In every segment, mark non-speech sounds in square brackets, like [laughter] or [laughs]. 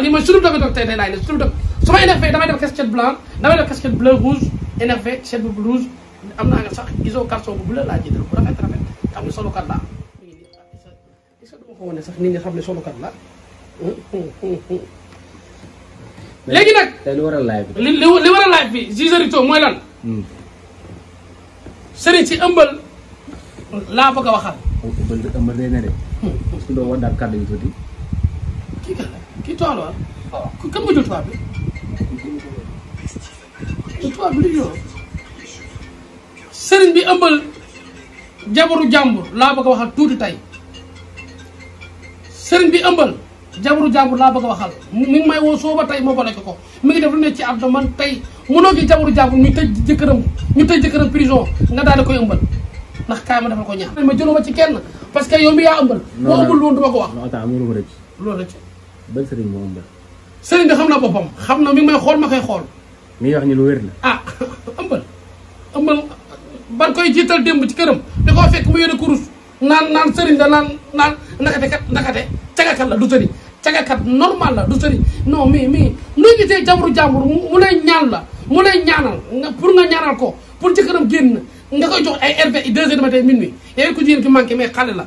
daal lii mooy sunu dog dog tey tey laay def sunu dog su ma énervé damay def casquette blanc damay def casquette bleu rouge énervé casquette bu rouge am naa nga sax gisoo carton bu bleu laa jëndal bu rafet rafet xam ne solo kat laa est-ce que duma ko wane sax nit ñi xam ne solo kat laa léegi nag li war a live bi li li war a live bi Zizarito mooy lan hmm. sëriñ si ëmbal laa bëgg a waxal ëmbal ëmbal day na de hmm. est-ce que doo war daal kàddu yi tuuti kii tooloon. waaw ah. ku kan nga jël tubaab bi. te tubaab bi lu ñu sëriñ bi ëmbal jabaru jàmbur laa bëgg a waxal tuuti tey sëriñ bi ëmbal jabaru jàmbur laa bëgg a waxal mi ngi may woo soo ba tey ma boole ko mi ngi def lu ne ci àdduna man tey mënoo gi jabaru jàmbur ñu tëj jëkkëram ñu tëj jëkkëram prison nga daal di koy ëmbal ndax kaay ma defal ko ñaar. ma jëluma ci kenn parce que yow mi yaa ëmbal. boo ëmbal woon du ma ko wax. loolu la ci. ban sëriñ moo am bët. sëriñ bi xam na boppam xam na mi may xool ma koy xool. mi wax ñu lu wér la. ah [laughs] ëmbal ëmbal ban koy jiital démb ci këram di ko fekk mu yore kurus naan naan sëriñ da naan naan nakate kat nakate cagakat la du sëriñ cagakat normal la du sëriñ non mais mais nu gisee jabaru jàmbur mu lay ñaan la mu lay ñaanal nga pour nga ñaanal ko pour ci këram génn nga koy jox ay rb deux heures du matin minuit yooyu ku jigéen ki manqué mais xale la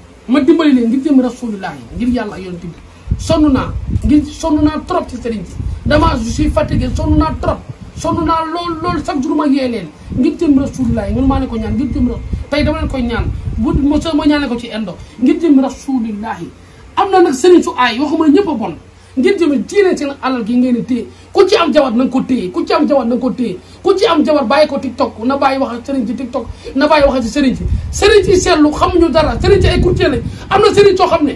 ma dimbali leen ngir jëm rasulullah ngir yàlla ak yonent bi naa ngir sonn naa trop ci sëriñ si dama je suis fatigué sonn naa trop sonn naa lool lool chaque jour ma yee leen ngir jëm rasulullah man ma ne ko ñaan ngir jëm ra tey dama leen koy ñaan bu ma ñaane ko ci indo ngir jëm rasulullah am na nag sëriñ su aay waxuma ñëpp a bon ngeen jëmel téye na alal gi ngeen di téye ku ci am jabar na nga ko téye ku ci am jabar na nga ko téye ku ci am jabar bàyyi ko tiktok na bàyyi wax ak sëriñ ci tiktok na bàyyi wax ak sëriñ ci sëriñ ci seetlu xamuñu dara sëriñ ci ay courtier lañ am na sëriñ soo xam ne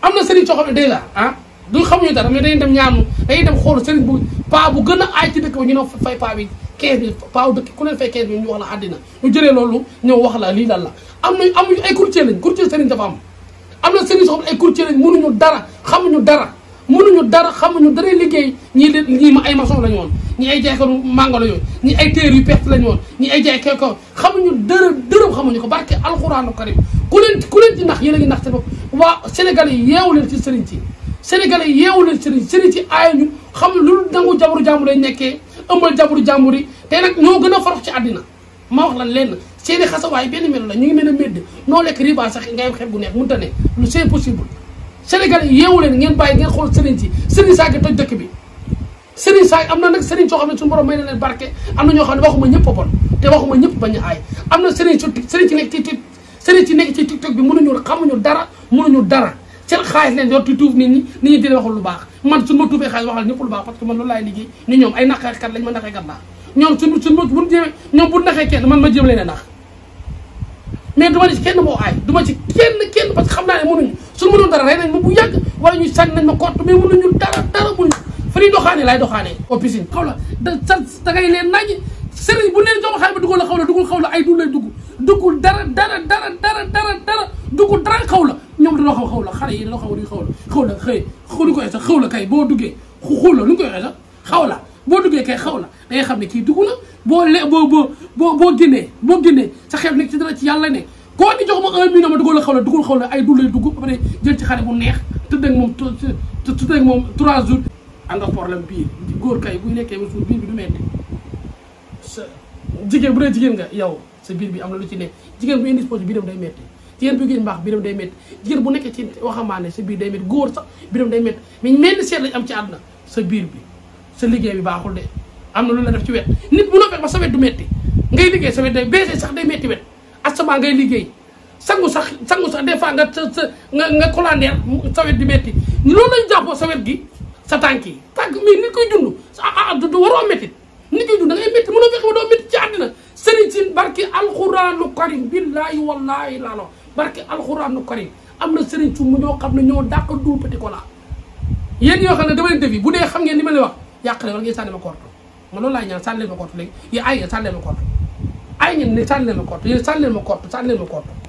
am na sëriñ soo xam ne day la ah du xamuñu dara mais dañuy dem ñaanu dañuy dem xool sëriñ bu paa bu gën a aay ci ñu ne fay paa bi 15 paa bu dëkk ku leen fay 15 bi ñu wax la àddina ñu jëlee loolu ñëw wax la lii lan la am na amuñu ay courtier lañ courtier sëriñ dafa am am na sëriñ soo xam ne ay courtier lañ mënuñu dara xamuñu dara mënuñu dara xamuñu dara liggéey ñii de ñii ma ay maçon lañu woon ñi ay jaaykaru mango lañu ñi ay téer yu perte lañu woon ñi ay jaay ko xamuñu dara dërëm xamuñu ko barke alxuraanu karim ku leen ku leen ci nax yéen a ngi nax te bopp waa sénégalais yi yeewu leen ci sëriñ ci sénégalais yi yeewu leen ci sëriñ sëriñ ci aaya ñu xam lu nangu jabaru jàmbur lay nekkee ëmbal jabaru jàmbur yi te nag ñoo gën a farox ci àddina ma wax lan lenn seeni xasawaay benn melo la ñu ngi mel ne médd noo lekk riba sax ngay xeeb gu neex mënta ne lu c'est possible Sénégal yi yeewu leen ngeen bàyyi ngeen xool sëriñ si sëriñ toj dëkk bi sëriñ am na nag sëriñ soo xam ne suñu borom may na leen barke am na ñoo xam ne waxuma ñëpp a bon te waxuma ñëpp bañ a aay am na sëriñ su sëriñ si dara mënuñu dara leen yor tuuf nit ñi nit ñi di lu baax man suñu ma tuufee xaalis waxal ñëpp lu baax parce que man loolu laay liggéey ni ñoom ay naqeekat lañ ma naqeekat laa ñoom suñu suñu bu ñëwee ñoom bu naxee kenn man ma jëm leen a nax mais duma ci kenn moo aay duma parce que xam naa ne mënuñu su mënoon dara rey nañ ma bu yàgg wala ñu sànni nañ ma kott mais mënuñu dara dara mun fa ñuy doxaane laay doxaanee au piscine xaw la da sa da ngay leen naaj sëriñ bu leen jox xaalis ba dugal la xaw la dugul xaw la ay du lay dugg duggul dara dara dara dara dara dara duggul dara xaw la ñoom dañoo xaw xaw la xale yi dañoo xaw xaw la xaw la xëy xaw lu koy sax xaw kay boo duggee xul la lu ñu koy sax xaw la boo duggee kay xaw la da xam ne kii dugg la boo le boo boo boo boo génnee boo génnee sa xeeb nekk ci dara ci yàlla ne koo di jox ma un million ma dugal xaw la dugal xaw la ay du lay dugg ba pare neex tëdd moom tëdd ak moom trois jours ànd ak problème bii góor kay buy lekkee ba suur biir bi sa jigéen bu dee jigéen nga yow sa biir bi am na lu ci ne jigéen bu indisposé biiram day metti jigéen bu génn mbaax biiram day metti jigéen bu nekkee ci waxambaane sa biir day metti góor sax biiram day metti mais mel seet lañ am ci àdduna sa biir sa liggéey bi baaxul de am na lu la def ci wet nit bu noppee ba sa wet du metti ngay liggéey sa wet day beesee sax day metti wet asama ngay liggéey sangu sax sangu sax des fois nga sa sa nga nga colandeer sawet di métti loolu lañ jàppoo sawet gi sa tànk yi tànk mais nit koy dund ah, ah du waroo métti nit koy dund da ngay métti mënoo fexe ba doo métti ci àddina sëriñ sin barki alxuraanu karim billaahi wallaahi laalo barki am na sëriñ su mu ñoo xam ne ñoo dàq duul petit cola yéen ñoo xam ne dama yi bu dee xam ngeen li ma leen wax yàq le war ngay sànni ma kortu ma loolu laay ñaan sànni bàyyi ngeen ne sànnil ma kott yéen sànnil